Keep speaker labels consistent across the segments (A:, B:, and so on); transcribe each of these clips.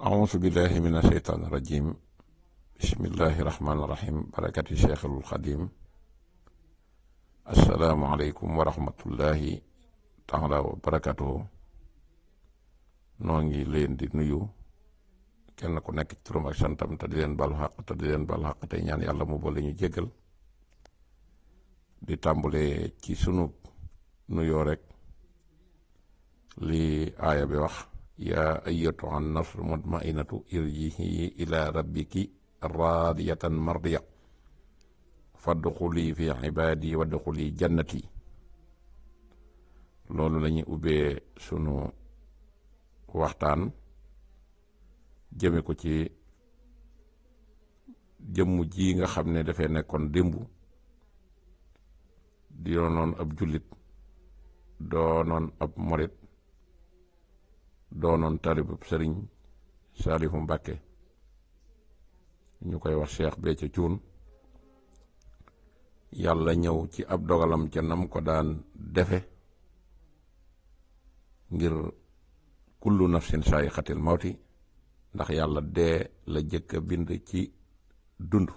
A: auzu billahi min asheytaan irajim bismillahi rahmaanirahim barakati cheikhul xadim asalaamualeykum wa rahmatullahi taala wa barakatuhu noo ngi leen di nuyu kenn ku nekk ci turam ak santam te di leen bal xaq te di leen bal ñaan yàlla mu boole ñu jéggal di tàmbulee ci sunu nuyoo rek li aaya bi wax yaa ayyatuha an-nafs al-mutma'innatu irji'i ila rabbiki radiyatan mardiya fadxuli fi jannati loolu lañu ubbee sunu waxtaan jëme ko ci jëmm ji nga xam ne dafay nekkoon démb di doonoon ab jullit doonoon ab morit doonoon talibu sëriñ Saalihu Mbàkke ñu koy wax Cheikh ca Thioune yàlla ñëw ci ab dogalam ca nam ko daan defe ngir kullu nafsin saay xatil mawti ndax yàlla dee la jëkk bind ci dund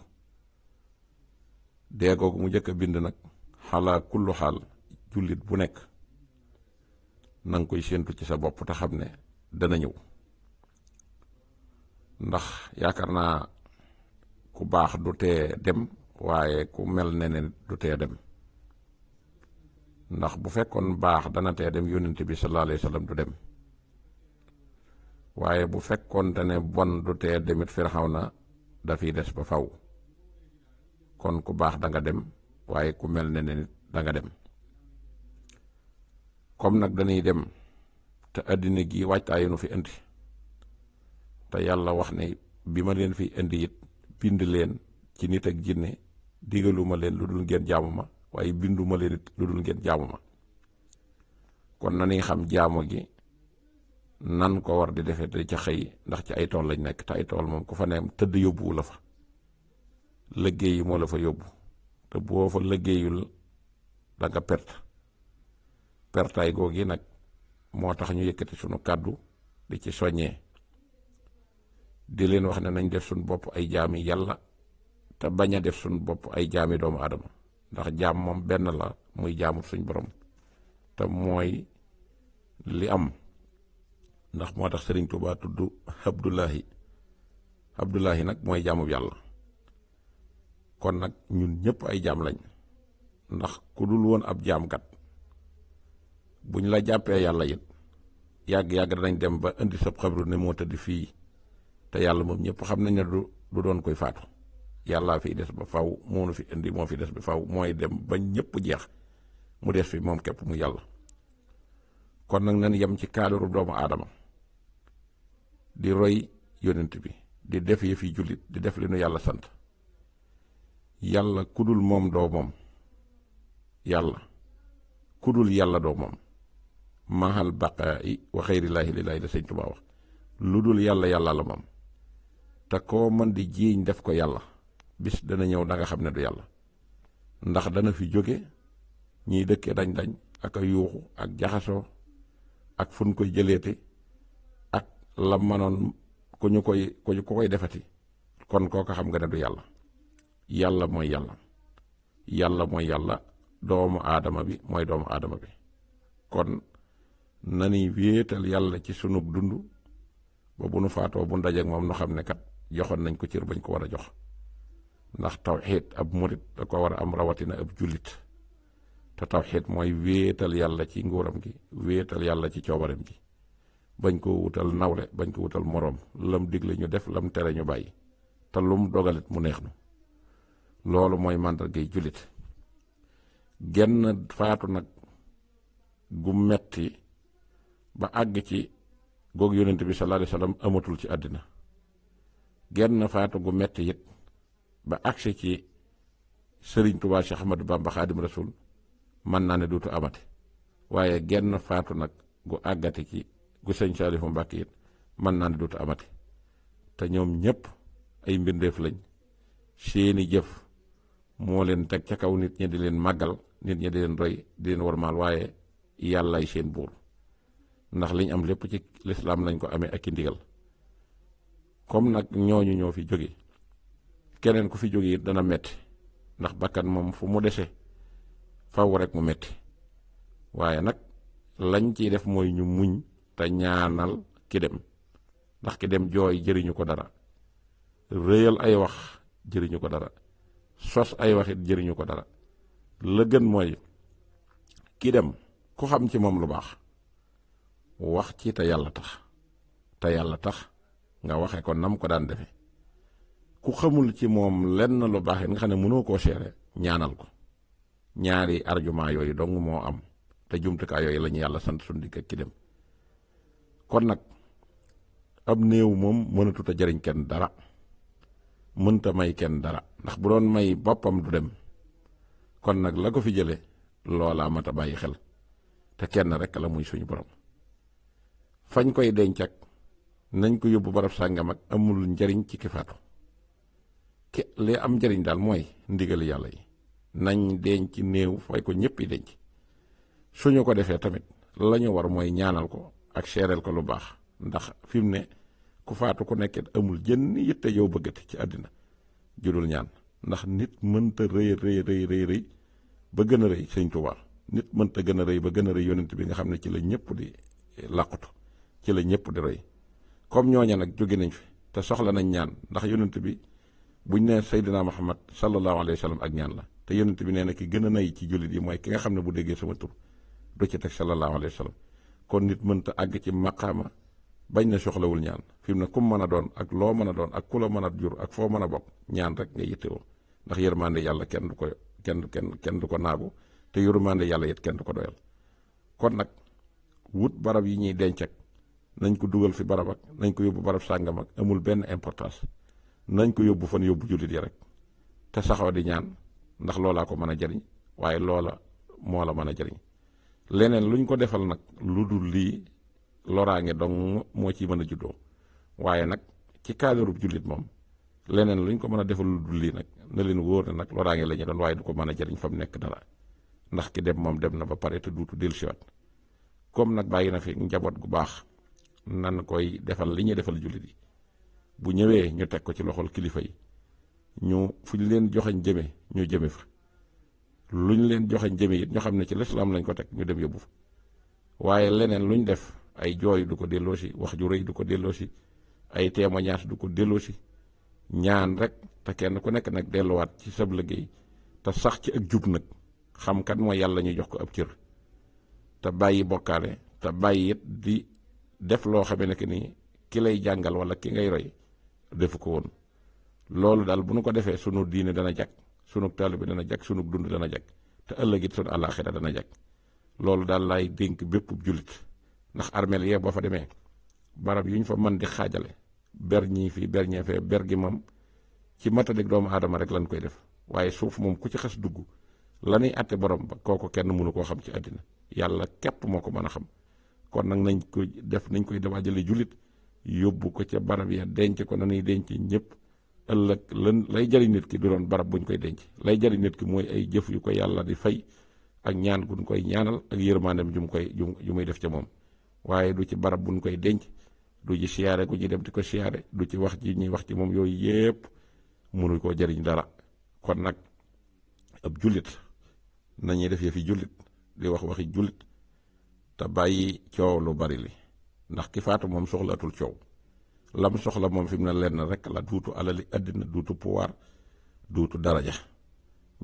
A: dee googu mu jëkk a bind nag xalaa kullu xaal jullit bu nekk nanga koy séentu ci sa bopp te xam ne dana ñëw ndax yaakaar naa ku baax du tee dem waaye ku mel ne ne du tee dem ndax bu fekkoon baax dana tee dem yónnent bi sallallahu alayhi wa sallam du dem waaye bu fekkoon fekkoonte ne bon du tee demit na dafi des ba faw kon ku baax danga dem waaye ku mel ne ne danga dem kom nag dañuy dem te àddina gi waajtaayu nu fi indi te yàlla wax ne bi ma leen fi indi it bind leen ci nit ak jinne digaluma leen lu dul ngeen jaamu ma waaye binduma leen lu dul ngeen jaamu ma kon nanuy xam jaamo gi nan ko war di defe te ca xëy ndax ci ay tool lañ nekk te ay tool moom ku fa neem tëdd yóbbuwu la fa liggéey yi moo la fa yóbbu te boo fa liggéeyul da perte pertaay googi nag moo tax ñu yëkkati sunu kàddu di ci soññee di leen wax ne nañ def suñu bopp ay jaami yàlla te bañ a def suñu bopp ay jaami doomu aadama ndax jaam moom benn la muy jaamut suñ borom te mooy li am ndax moo tax sëriñ Tuubaa tudd Abdullahi Abdullahi nag mooy jaamub yàlla kon nag ñun ñëpp ay jaam lañ ndax ku dul woon ab jaamkat bu ñu la jàppee yàlla it yàgg-yàgg danañ dem ba indi sab xabru ne moo tëdd fii te yàlla moom ñëpp xam nañ ne du doon koy faatu yàllaa fiy des ba faw moonu fi indi moo fi des ba faw mooy dem ba ñëpp jeex mu des fi moom képp mu yàlla kon nag nañ yem ci kaadaru doomu aadama di roy yonent bi di def yëf yi di def li yàlla sant yàlla kudul moom doo moom yàlla kudul yàlla doo moom mahal baqaa i wa xeyrillaahi lillaahi la sëñ Tuubaa wax lu dul yàlla yàlla la moom te koo mën di jiiñ def ko yàlla bis dana ñëw danga xam ne du yàlla ndax dana fi jóge ñiy dëkkee dañ dañ ak a yuuxu ak jaxasoo ak fun koy jëleete ak la manoon ku ñu koy ku ñu koy defati kon kooka xam nga ne du yàlla yàlla mooy yàlla yàlla mooy yàlla doomu aadama bi mooy doomu aadama bi kon nanuy wéetal yàlla ci sunu dund ba bu nu faatoo bu ndajeek moom nu xam ne kat joxoon nañ ko cër bañ ko war a jox ndax tawxiid ab murit da ko war a am rawatina ab jullit te tawxiid mooy wéetal yàlla ci nguuram gi wéetal yàlla ci coobaram gi bañ ko wutal nawle bañ ko wutal moroom lam digle ñu def lam tere ñu bàyyi te lum dogalit mu neex nu loolu mooy màndargay jullit genn faatu nag gu metti ba àgg ci googu yonent bi sallallahu alayhi wa sallam amatul ci àddina genn faatu gu metti it ba agsi ci sëriñ Tuubaa Cheikh Ahmadou Bamba Xaadim Rasul mën naa ne dootu amati waaye genn faatu nag gu àggati ci gu sëñ Saalifu Mbàkke it mën naa ne dootu amati te ñoom ñëpp ay mbindeef lañ seeni jëf moo leen teg ca kaw nit ñi di leen màggal nit ñi di leen roy di leen warmaal waaye yàllaay seen buur ndax liñ am lépp ci lislaam lañ ko amee ak i ndigal comme nag ñooñu ñoo fi jóge keneen ku fi jóge it dana metti ndax bakkan moom fu mu dese faw rek mu metti waaye nag lañ ciy def mooy ñu muñ te ñaanal ki dem ndax ki dem jooy jëriñu ko dara rëyal ay wax jëriñu ko dara sos ay waxit jëriñu ko dara la gën mooy ki dem ku xam ci moom lu baax wax ci te yàlla tax te yàlla tax nga waxe ko nam ko daan defe ku xamul ci moom lenn lu baax nga xam ne mënoo koo seere ñaanal ko ñaari argument yooyu dong moo am te jumtukaay yooyu lañu yàlla sant suñu digg ak ki dem kon nag am néew moom mënatut a jariñ kenn dara mënta may kenn dara ndax bu doon may boppam du dem kon nag la ko fi jële loolaa mat a bàyyi xel te kenn rek la muy suñu borom fañ koy denc ak nañ ko yóbbu barab sàngam ak amul njariñ ci ki faatu ki li am njariñ daal mooy ndigal yàlla yi nañ denc néew fay ko ñëpp yi denc suñu ko defee tamit lañu war mooy ñaanal ko ak seereel ko lu baax ndax fi mu ne ku faatu ku nekkee amul jën yitte yow bëggati ci àddina judul ñaan ndax nit mënta rëy rëy rëy rëy ba gën a rëy sëñ Tuubaa nit mënta gën a rëy ba gën a rëy yonent bi nga xam ne ci la ñëpp di làqutu ci la ñëpp di kom comme ñooña nag jóge nañ fi te soxla nañ ñaan ndax yonent bi bu buñ nee Seydina Muhammad sallallahu alayhi wa sallam ak ñaan la te yonent bi nee na ki gën a nay ci jullit yi mooy ki nga xam ne bu déggee sama tur du ci teg sallallahu alayhi wa sallam kon nit mënta àgg ci maqaama bañ na soxlawul ñaan fi mu ne kum mën a doon ak loo mën a doon ak ku la mën a jur ak foo mën a bokk ñaan rek nga yittewoo ndax yërmande yàlla kenn du ko kenn kenn kenn du ko naagu te yërmande yàlla it kenn du ko doyal kon nag wut barab yi ñuy denc nañ ko dugal fi barab ak nañ ko yóbbu barab sàngam ak amul benn importance nañ ko yóbbu fan yóbbu jullit yi rek te saxoo di ñaan ndax loolaa ko mën a jariñ waaye loola moo la mën a jariñ leneen luñ ko defal nag lu dul lii loraange dong moo ciy mën a juddoo waaye nag ci cadre jullit moom leneen luñ ko mën a defal lu dul lii nag na leen wóor ne nag loraange la ñu doon waaye du ko mën a jariñ fa mu nekk dara ndax ki dem moom dem na ba pare te duutu dellusiwaat comme nag bàyyi na fi njaboot gu baax. nan koy defal li ñuy defal jullit yi bu ñëwee ñu teg ko ci loxol kilifa yi ñu fu ñu leen joxañ jëme ñu jëme fa lu ñu leen joxañ jëme yit ñu xam ne ci lislaam lañ ko teg ñu dem yóbbu fa waaye leneen lu ñu def ay jooy du ko delloosi wax ju rëy du ko delloosi ay témoignage du ko delloosi ñaan rek te kenn ku nekk nag delluwaat ci sab liggéey te sax ci ak jub nag xam kan mooy yàlla ñu jox ko ab cër te bàyyi bokkaale te bàyyi it di def loo xamee ne que ni ki lay jàngal wala ki ngay roy defu ko woon loolu daal bu nu ko defee sunu diine dana jag sunu bi dana jag sunu dund dana jag te ëllëg it sunu àllaaxira dana jag loolu daal laay dénk bépp jullit ndax armeel yee boo fa demee barab yu ñu fa mën di xaajale ber ñii fii ber ñee fee ber gi moom ci matadik doomu aadama rek lañ koy def waaye suuf moom ku ci xas dugg la ñuy àtte borom ba kooku kenn mënu koo xam ci àddina yàlla képp moo ko mën a xam kon nag nañ ko def nañ koy dawaajale jullit yóbbu ko ca barab ya denc ko nanuy denc ñëpp ëllëg lan lay jariñ nit ki du doon barab buñ koy denc lay jariñ nit ki mooy ay jëf yu ko yàlla di fay ak ñaan guñ koy ñaanal ak yërmaandem ju mu koy ju muy def ca moom waaye du ci barab buñ koy denc du ci siyaare gu ñuy dem di ko siyaare du ci wax ji ñuy wax ci moom yooyu yépp mënu koo jariñ dara kon nag ab jullit nañuy def yëfi jullit di wax waxi jullit te bàyyi coow lu bari li ndax ki faatu moom soxlaatul coow lam soxla moom fi mu ne lenn rek la duutu alali àddina duutu pouvoir duutu daraja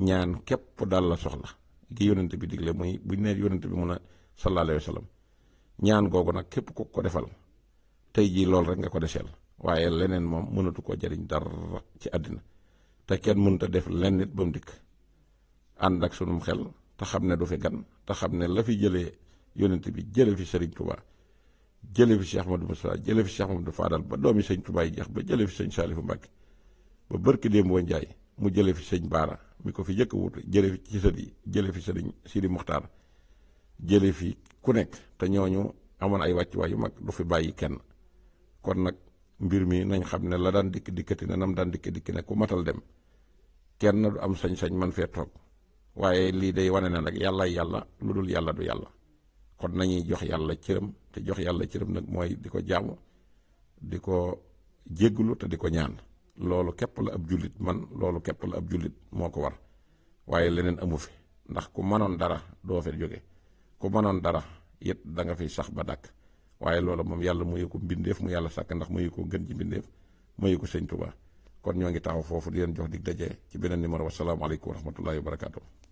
A: ñaan képp daal la soxla gi yonent bi digle muy bu ne yonent bi mun a sallallahu alayhi ñaan googu nag képp ku ko defal tey jii loolu rek nga ko deseel waaye leneen moom mënatu koo jariñ dara ci àddina te kenn mënut a def lenn nit ba mu dikk ànd ak sunum xel te xam ne du fi gan te xam ne la fi jëlee yónnent bi jële fi Serigne Touba jële fi Cheikh ma Moussa jële fi Cheikh Mamadou Fadal ba doomi sëñ Touba yi jeex ba jële fi sëñ Saliou Mbacke ba barki démb wa Njaay mu jële fi sëñ Baara mi ko fi jëkk wut jële fi ci sët yi jële fi sëriñ Muxtaar jële fi ku nekk te ñooñu amoon ay wàccuwaay yu mag du fi bàyyi kenn kon nag mbir mi nañ xam ne la daan dikk dikkati ne nam daan dikk dikk ne ku matal dem kenn du am sañ-sañ man fee toog waaye lii day wane na nag yàlla yàlla lu dul yàlla du yàlla kon nañuy jox yàlla cëram te jox yàlla cëram nag mooy di ko jaamu di ko jégglu te di ko ñaan loolu képp la ab jullit man loolu képp la ab jullit moo ko war waaye leneen amu fi ndax ku manoon dara doo fa jóge ku mënoon dara it da nga fiy sax ba dàkk waaye loolu moom yàlla muyu ko mbindeef mu yàlla sàkk ndax muyu ko gën ci mbindeef muyu ko sëñ Tuubaa kon ñoo ngi taxaw foofu di leen jox dig daje ci beneen numéro wasalaamaaleykum wa rahmatullahi wa barakaatu.